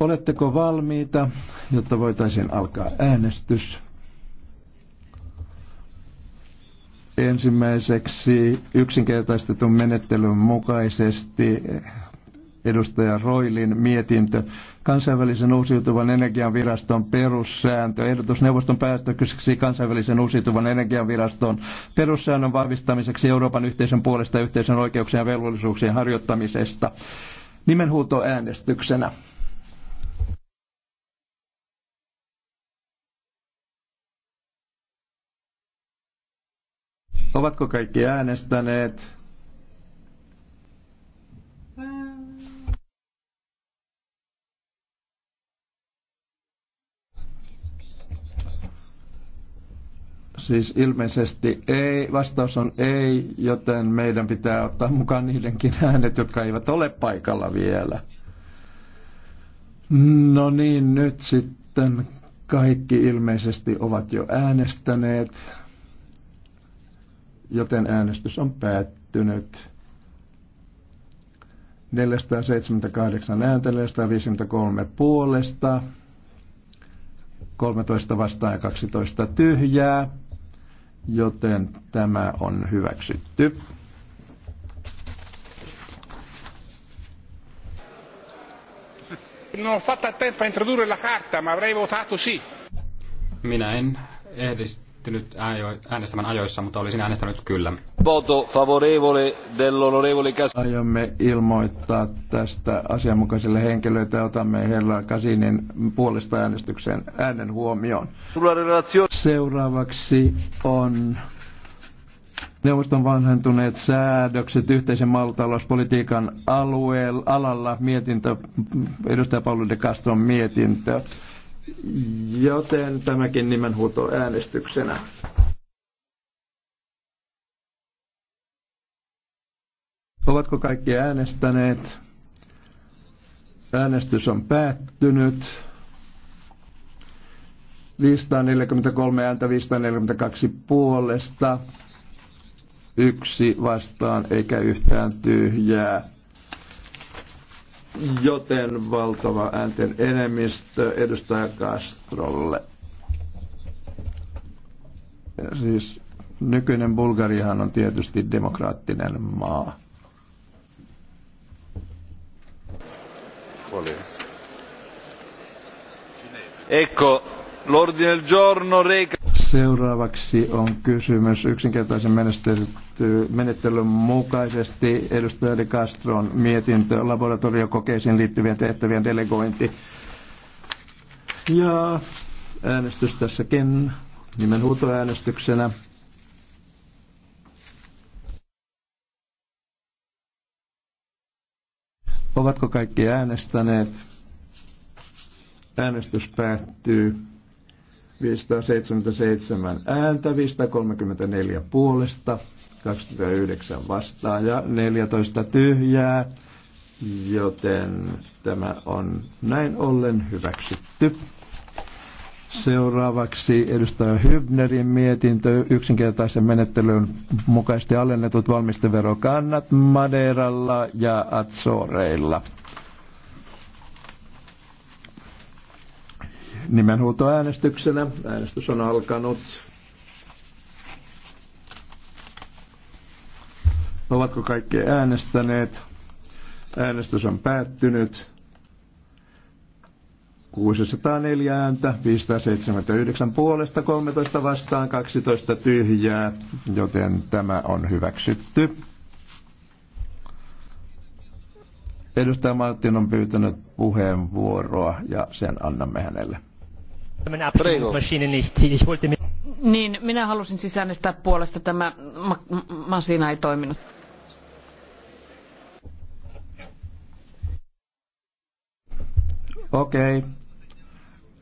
Oletteko valmiita, jotta voitaisiin alkaa äänestys? Ensimmäiseksi yksinkertaistetun menettelyn mukaisesti edustaja Roilin mietintö kansainvälisen uusiutuvan energian viraston perussääntö. Ehdotus neuvoston päästökseksi kansainvälisen uusiutuvan energian viraston perussäännön vahvistamiseksi Euroopan yhteisön puolesta yhteisön oikeuksien ja velvollisuuksien harjoittamisesta. Nimenhuuto äänestyksenä. Ovatko kaikki äänestäneet? Siis ilmeisesti ei, vastaus on ei, joten meidän pitää ottaa mukaan niidenkin äänet, jotka eivät ole paikalla vielä. No niin, nyt sitten kaikki ilmeisesti ovat jo äänestäneet joten äänestys on päättynyt. 478 ääntä, 453 puolesta, 13 vastaan ja 12 tyhjää, joten tämä on hyväksytty. Non ho tempo introdurre la carta, ma avrei votato sì. Minä en ehdi ehtinyt äänestämään ajoissa, mutta olisin äänestänyt kyllä. Voto favorevole dell'onorevole Cas. Aiomme ilmoittaa tästä asianmukaiselle henkilölle ja otamme herra Kasinin puolesta äänestyksen äänen huomioon. Seuraavaksi on Neuvoston vanhentuneet säädökset yhteisen maalutalouspolitiikan alueella, alalla mietintö, edustaja Pauli de Castron mietintö joten tämäkin nimenhuuto äänestyksenä. Ovatko kaikki äänestäneet? Äänestys on päättynyt. 543 ääntä 542 puolesta, yksi vastaan eikä yhtään tyhjää joten valtava äänten enemmistö edustaja Castrolle. Siis nykyinen Bulgariahan on tietysti demokraattinen maa. Ecco, l'ordine del giorno reca... Seuraavaksi on kysymys yksinkertaisen menettelyn mukaisesti edustaja De Castron mietintö laboratoriokokeisiin liittyvien tehtävien delegointi. Ja äänestys tässäkin nimenhuutoäänestyksenä. Ovatko kaikki äänestäneet? Äänestys päättyy. 577 ääntä, 534 puolesta, 29 vastaan ja 14 tyhjää, joten tämä on näin ollen hyväksytty. Seuraavaksi edustaja Hybnerin mietintö yksinkertaisen menettelyn mukaisesti alennetut valmisteverokannat Madeiralla ja Azoreilla. nimenhuutoäänestyksenä. Äänestys on alkanut. Ovatko kaikki äänestäneet? Äänestys on päättynyt. 604 ääntä, 579 puolesta, 13 vastaan, 12 tyhjää, joten tämä on hyväksytty. Edustaja Martin on pyytänyt puheenvuoroa ja sen annamme hänelle. Niin, minä halusin sisäänestää puolesta. Tämä ma- masina ei toiminut. Okei. Okay.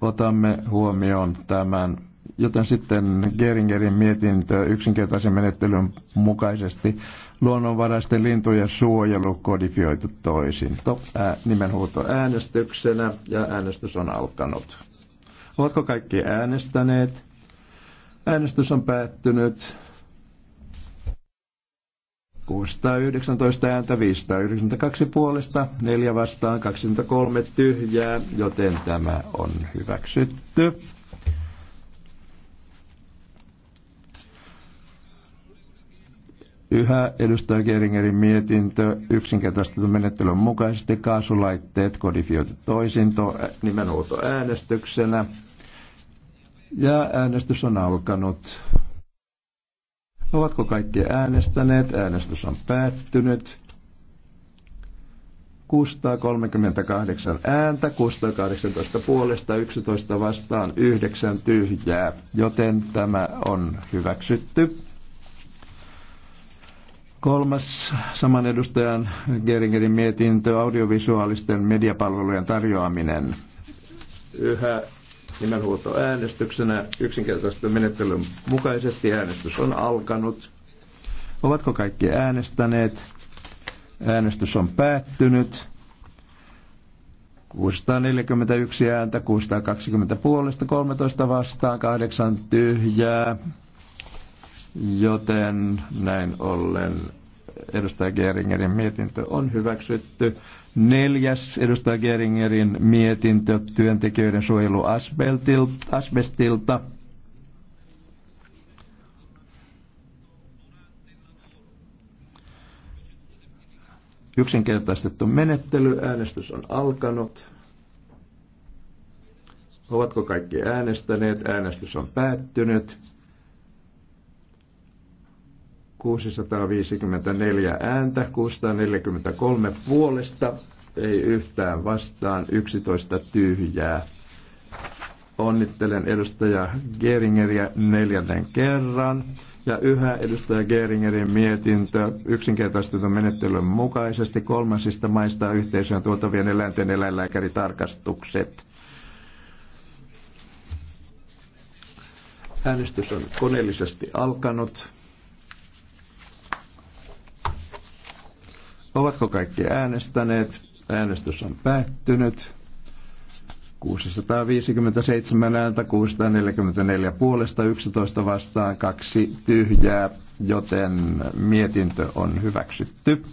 Otamme huomioon tämän. Joten sitten Geringerin mietintö yksinkertaisen menettelyn mukaisesti luonnonvaraisten lintujen suojelu kodifioitu toisin. Top, ää, nimenhuuto äänestyksenä ja äänestys on alkanut. Ovatko kaikki äänestäneet? Äänestys on päättynyt. 619 ääntä, 592 puolesta, 4 vastaan, 23 tyhjää, joten tämä on hyväksytty. Yhä edustaja Geringerin mietintö yksinkertaistetun menettelyn mukaisesti kaasulaitteet kodifioitu toisinto nimenhuuto äänestyksenä. Ja äänestys on alkanut. Ovatko kaikki äänestäneet? Äänestys on päättynyt. 638 ääntä, 618 puolesta, 11 vastaan, 9 tyhjää, joten tämä on hyväksytty. Kolmas saman edustajan Geringerin mietintö, audiovisuaalisten mediapalvelujen tarjoaminen. Yhä äänestyksenä yksinkertaisesti menettelyn mukaisesti. Äänestys on alkanut. Ovatko kaikki äänestäneet? Äänestys on päättynyt. 641 ääntä, 620 puolesta, 13 vastaan, 8 tyhjää. Joten näin ollen edustaja Geringerin mietintö on hyväksytty. Neljäs edustaja Geringerin mietintö työntekijöiden suojelu asbestilta. Yksinkertaistettu menettely, äänestys on alkanut. Ovatko kaikki äänestäneet? Äänestys on päättynyt. 654 ääntä, 643 puolesta, ei yhtään vastaan, 11 tyhjää. Onnittelen edustaja Geringeriä neljännen kerran. Ja yhä edustaja Geringerin mietintö yksinkertaistetun menettelyn mukaisesti kolmansista maista yhteisöön tuotavien eläinten eläinlääkäritarkastukset. Äänestys on koneellisesti alkanut. Ovatko kaikki äänestäneet? Äänestys on päättynyt. 657 ääntä, 644 puolesta, 11 vastaan, kaksi tyhjää, joten mietintö on hyväksytty.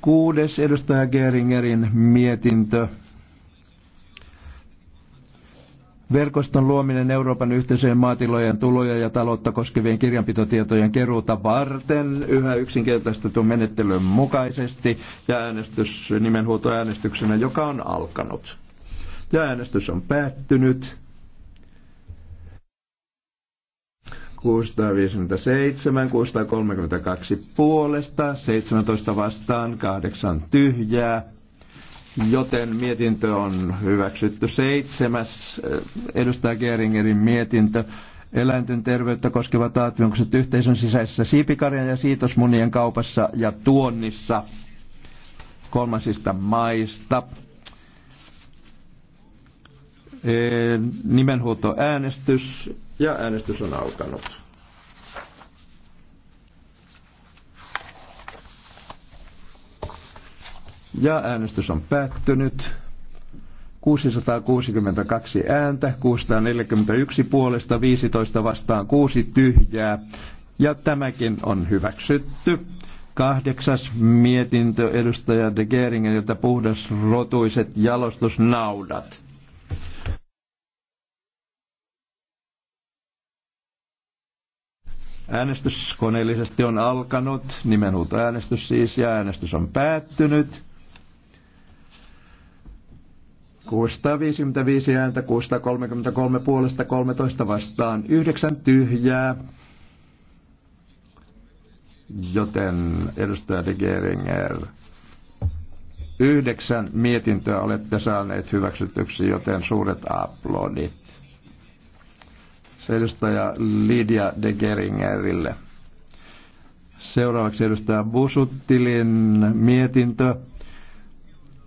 Kuudes edustaja Geringerin mietintö. Verkoston luominen Euroopan yhteisöjen maatilojen tuloja ja taloutta koskevien kirjanpitotietojen keruuta varten yhä yksinkertaistetun menettelyn mukaisesti ja äänestys nimenhuutoäänestyksenä, joka on alkanut. Ja äänestys on päättynyt. 657, 632 puolesta, 17 vastaan, 8 tyhjää, Joten mietintö on hyväksytty. Seitsemäs eh, edustaja Geringerin mietintö. Eläinten terveyttä koskevat vaatimukset yhteisön sisäisessä siipikarjan ja siitosmunien kaupassa ja tuonnissa kolmansista maista. Eh, Nimenhuuto äänestys ja äänestys on alkanut. Ja äänestys on päättynyt. 662 ääntä, 641 puolesta, 15 vastaan, 6 tyhjää. Ja tämäkin on hyväksytty. Kahdeksas mietintö edustaja de puhdas rotuiset jalostusnaudat. Äänestys koneellisesti on alkanut, nimenhuuto äänestys siis, ja äänestys on päättynyt. 655 ääntä, 633 puolesta, 13 vastaan, 9 tyhjää. Joten edustaja de Geringer, yhdeksän mietintöä olette saaneet hyväksytyksi, joten suuret aplodit. Se edustaja Lydia de Geringerille. Seuraavaksi edustaja Busuttilin mietintö.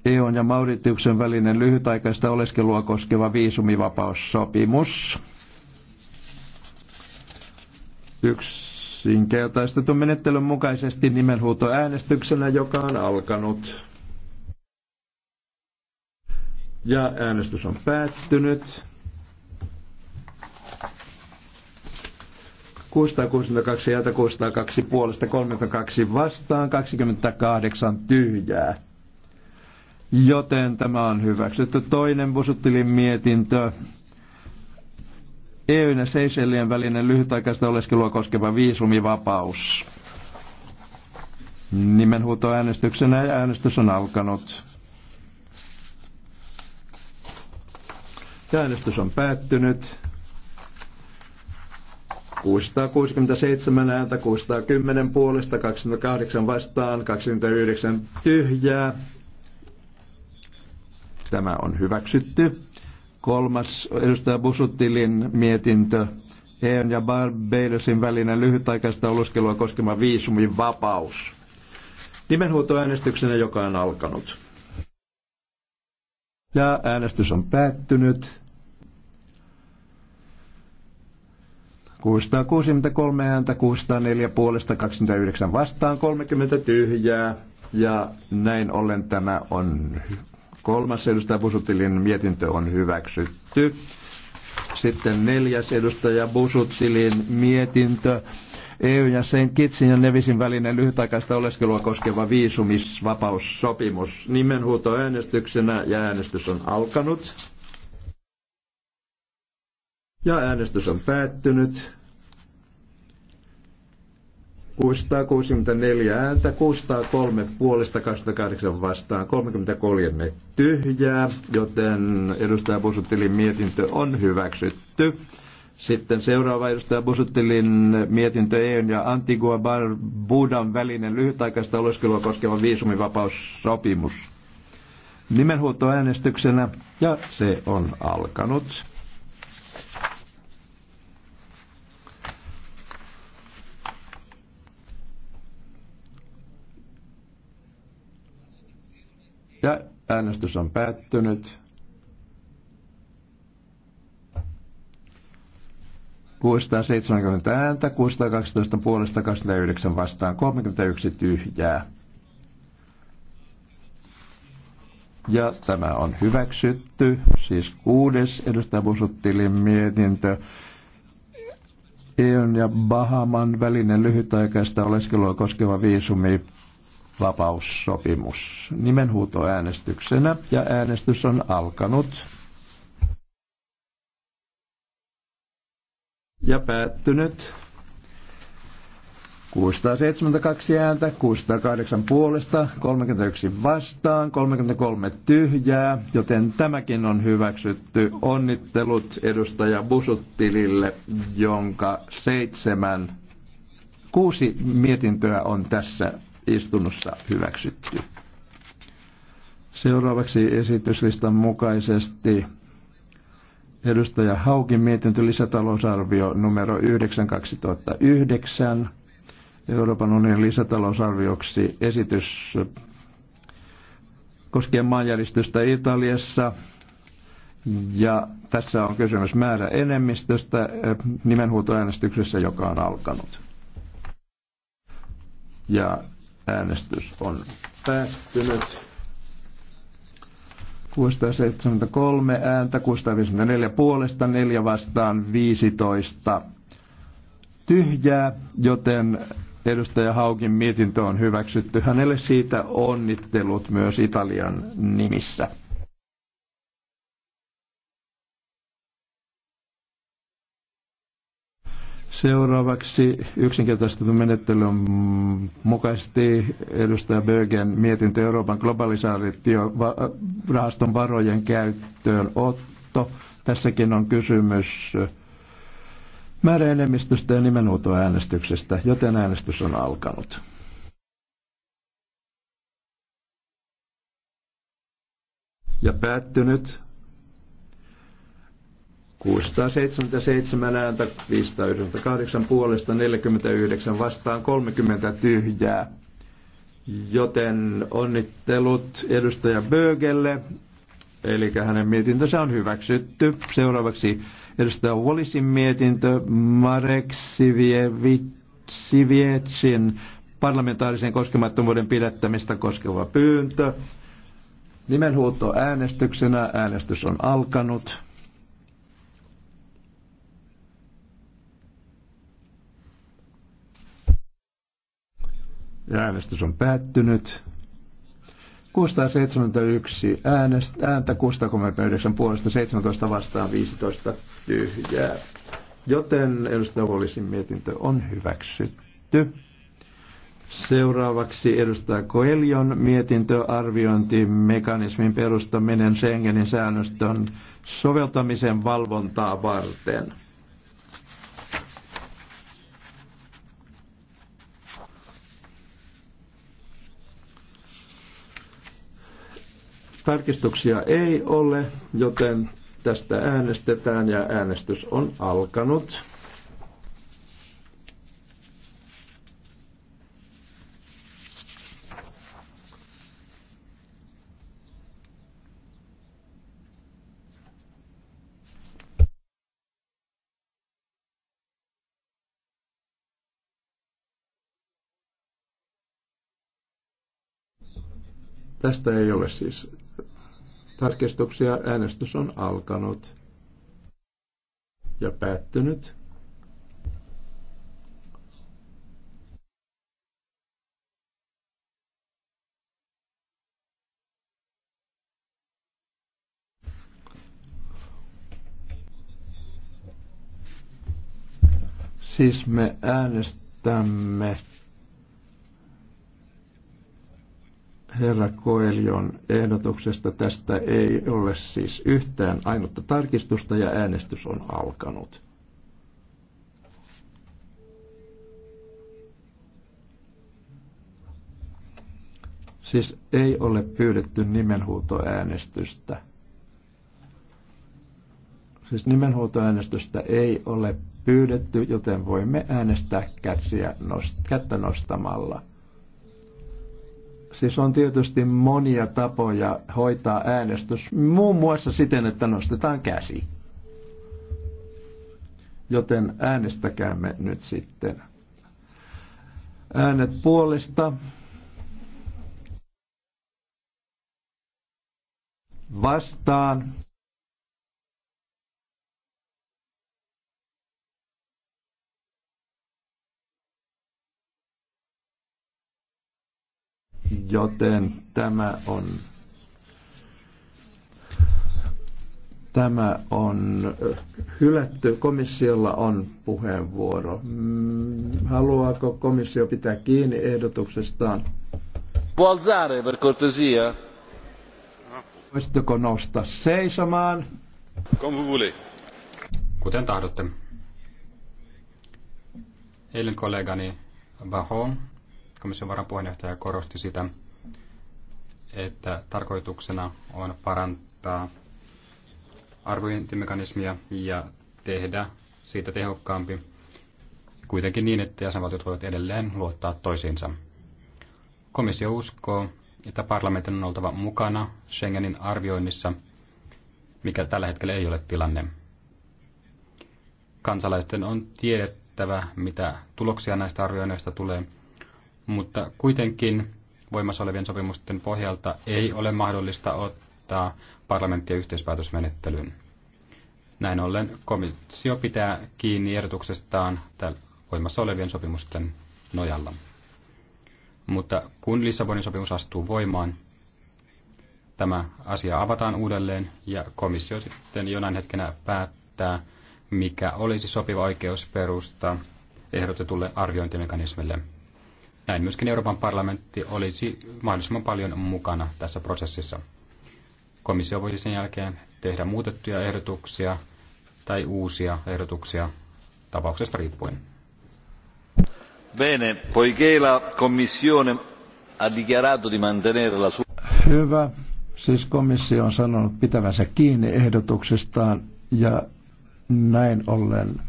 EUn ja Mauritiuksen välinen lyhytaikaista oleskelua koskeva viisumivapaussopimus. Yksinkertaistetun menettelyn mukaisesti äänestyksenä, joka on alkanut. Ja äänestys on päättynyt. 662 ja 602 puolesta 32 vastaan, 28 tyhjää joten tämä on hyväksytty. Toinen Busuttilin mietintö. EU- ja Seychellien välinen lyhytaikaista oleskelua koskeva viisumivapaus. Nimenhuutoäänestyksenä ja äänestys on alkanut. Ja äänestys on päättynyt. 667 ääntä, 610 puolesta, 28 vastaan, 29 tyhjää. Tämä on hyväksytty. Kolmas edustaja Busuttilin mietintö. EUn ja Barbadosin välinen lyhytaikaista oluskelua koskema viisumin vapaus. Nimenhuutoäänestyksenä, joka on alkanut. Ja äänestys on päättynyt. 663 ääntä, 604 puolesta, 29 vastaan, 30 tyhjää. Ja näin ollen tämä on Kolmas edustaja Busuttilin mietintö on hyväksytty. Sitten neljäs edustaja Busuttilin mietintö. EU ja sen Kitsin ja Nevisin välinen lyhytaikaista oleskelua koskeva viisumisvapaussopimus. Nimenhuuto äänestyksenä ja äänestys on alkanut. Ja äänestys on päättynyt. 664 ääntä, 603 puolesta, 28 vastaan, 33 tyhjää, joten edustaja Busuttilin mietintö on hyväksytty. Sitten seuraava edustaja Busuttilin mietintö EUn ja Antigua Barbudan välinen lyhytaikaista oleskelua koskeva viisumivapaussopimus. äänestyksenä ja se on alkanut. Ja äänestys on päättynyt. 670 ääntä, 612 puolesta, 29 vastaan, 31 tyhjää. Ja tämä on hyväksytty, siis kuudes edustaja Busuttilin mietintö. EUn ja Bahaman välinen lyhytaikaista oleskelua koskeva viisumi vapaussopimus nimenhuutoäänestyksenä ja äänestys on alkanut ja päättynyt. 672 ääntä, 608 puolesta, 31 vastaan, 33 tyhjää, joten tämäkin on hyväksytty. Onnittelut edustaja Busuttilille, jonka seitsemän, kuusi mietintöä on tässä istunnossa hyväksytty. Seuraavaksi esityslistan mukaisesti edustaja Haukin mietintö lisätalousarvio numero 9 2009. Euroopan unionin lisätalousarvioksi esitys koskien maanjäristystä Italiassa. Ja tässä on kysymys määrä enemmistöstä eh, nimenhuutoäänestyksessä, joka on alkanut. Ja Äänestys on päättynyt. 673 ääntä, 654 puolesta, 4 vastaan, 15 tyhjää, joten edustaja Haukin mietintö on hyväksytty. Hänelle siitä onnittelut myös Italian nimissä. Seuraavaksi yksinkertaistetun menettelyn mukaisesti edustaja Bögen mietintö Euroopan globalisaatiorahaston varojen käyttöön otto. Tässäkin on kysymys määräenemmistöstä ja nimenhuutoäänestyksestä, joten äänestys on alkanut. Ja päättynyt. 677 ääntä, 598 puolesta, 49 vastaan, 30 tyhjää. Joten onnittelut edustaja Bögelle, eli hänen mietintönsä on hyväksytty. Seuraavaksi edustaja Wallisin mietintö Marek Sivietsin parlamentaarisen koskemattomuuden pidättämistä koskeva pyyntö. Nimenhuuto äänestyksenä. Äänestys on alkanut. Äänestys on päättynyt. 671 äänest, ääntä, 639 puolesta, 17 vastaan, 15 tyhjää. Joten edustaja Wallisin mietintö on hyväksytty. Seuraavaksi edustaja Koelion mietintöarviointimekanismin perustaminen Schengenin säännöstön soveltamisen valvontaa varten. Tarkistuksia ei ole, joten tästä äänestetään ja äänestys on alkanut. Tästä ei ole siis tarkistuksia. Äänestys on alkanut ja päättynyt. Siis me äänestämme herra Koelion ehdotuksesta. Tästä ei ole siis yhtään ainutta tarkistusta ja äänestys on alkanut. Siis ei ole pyydetty nimenhuutoäänestystä. Siis nimenhuutoäänestystä ei ole pyydetty, joten voimme äänestää käsiä nost- kättä nostamalla. Siis on tietysti monia tapoja hoitaa äänestys, muun muassa siten, että nostetaan käsi. Joten äänestäkäämme nyt sitten. Äänet puolesta. Vastaan. joten tämä on tämä on hylätty. Komissiolla on puheenvuoro. Mm, haluaako komissio pitää kiinni ehdotuksestaan? Puolzare per cortesia. Voisitteko nousta seisomaan? Kuten tahdotte. Eilen kollegani Bahon. Komission varapuheenjohtaja korosti sitä, että tarkoituksena on parantaa arviointimekanismia ja tehdä siitä tehokkaampi, kuitenkin niin, että jäsenvaltiot voivat edelleen luottaa toisiinsa. Komissio uskoo, että parlamentin on oltava mukana Schengenin arvioinnissa, mikä tällä hetkellä ei ole tilanne. Kansalaisten on tiedettävä, mitä tuloksia näistä arvioinneista tulee – mutta kuitenkin voimassa olevien sopimusten pohjalta ei ole mahdollista ottaa parlamenttia yhteispäätösmenettelyyn. Näin ollen komissio pitää kiinni ehdotuksestaan voimassa olevien sopimusten nojalla. Mutta kun Lissabonin sopimus astuu voimaan, tämä asia avataan uudelleen ja komissio sitten jonain hetkenä päättää, mikä olisi sopiva oikeusperusta ehdotetulle arviointimekanismille. Näin myöskin Euroopan parlamentti olisi mahdollisimman paljon mukana tässä prosessissa. Komissio voisi sen jälkeen tehdä muutettuja ehdotuksia tai uusia ehdotuksia tapauksesta riippuen. Bene, poiché la Commissione ha dichiarato di mantenere la sua... Hyvä. Siis komissio on sanonut pitävänsä kiinni ehdotuksestaan ja näin ollen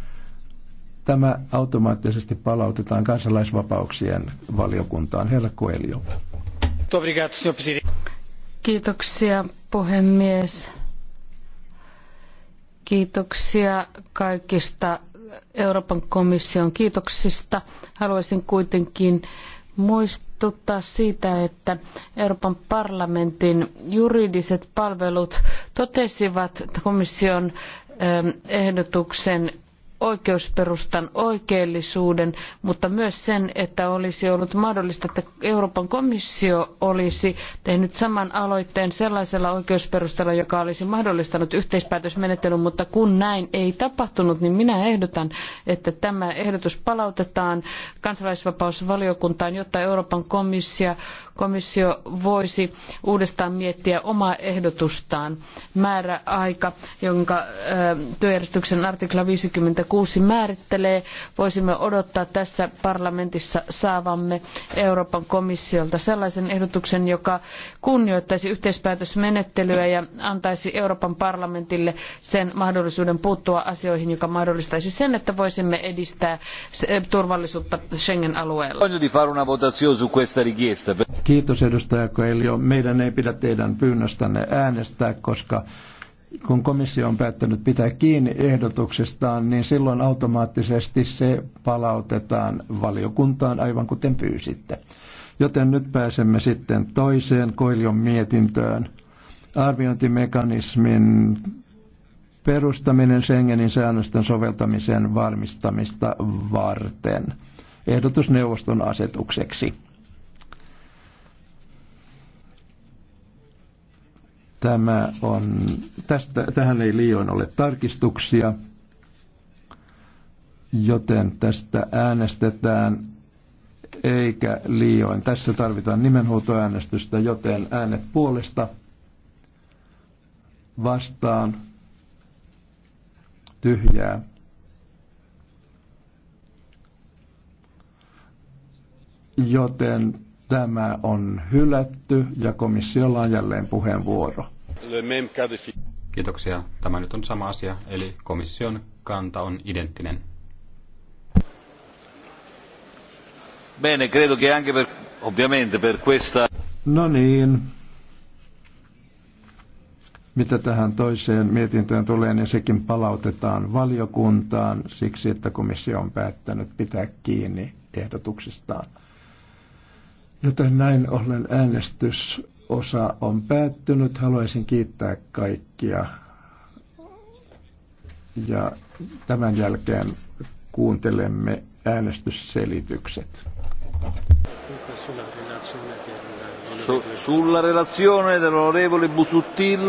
tämä automaattisesti palautetaan kansalaisvapauksien valiokuntaan. Herra Coelho. Kiitoksia puhemies. Kiitoksia kaikista Euroopan komission kiitoksista. Haluaisin kuitenkin muistuttaa siitä, että Euroopan parlamentin juridiset palvelut totesivat komission ehm, ehdotuksen oikeusperustan oikeellisuuden, mutta myös sen, että olisi ollut mahdollista, että Euroopan komissio olisi tehnyt saman aloitteen sellaisella oikeusperustalla, joka olisi mahdollistanut yhteispäätösmenettelyn, mutta kun näin ei tapahtunut, niin minä ehdotan, että tämä ehdotus palautetaan kansalaisvapausvaliokuntaan, jotta Euroopan komissio, komissio voisi uudestaan miettiä omaa ehdotustaan. Määräaika, jonka työjärjestyksen artikla 50 Kuusi määrittelee, voisimme odottaa tässä parlamentissa saavamme Euroopan komissiolta sellaisen ehdotuksen, joka kunnioittaisi yhteispäätösmenettelyä ja antaisi Euroopan parlamentille sen mahdollisuuden puuttua asioihin, joka mahdollistaisi sen, että voisimme edistää turvallisuutta Schengen-alueella. Kiitos edustaja Koelio. Meidän ei pidä teidän pyynnöstänne äänestää, koska kun komissio on päättänyt pitää kiinni ehdotuksestaan, niin silloin automaattisesti se palautetaan valiokuntaan aivan kuten pyysitte. Joten nyt pääsemme sitten toiseen Koilion mietintöön. Arviointimekanismin perustaminen Schengenin säännösten soveltamisen varmistamista varten. Ehdotus neuvoston asetukseksi. Tämä on, tästä, tähän ei liioin ole tarkistuksia, joten tästä äänestetään eikä liioin. Tässä tarvitaan nimenhuutoäänestystä, joten äänet puolesta vastaan tyhjää. Joten Tämä on hylätty ja komissiolla on jälleen puheenvuoro. Kiitoksia. Tämä nyt on sama asia, eli komission kanta on identtinen. Bene, credo che anche per, ovviamente per questa... No niin. Mitä tähän toiseen mietintöön tulee, niin sekin palautetaan valiokuntaan siksi, että komissio on päättänyt pitää kiinni ehdotuksistaan. Joten näin ollen äänestysosa on päättynyt. Haluaisin kiittää kaikkia. Ja tämän jälkeen kuuntelemme äänestysselitykset. Sulla relazione dell'onorevole Busuttil.